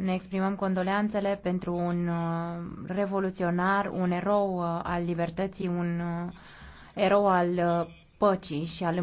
ne exprimăm condoleanțele pentru un uh, revoluționar, un erou uh, al libertății, un uh, erou al păcii și al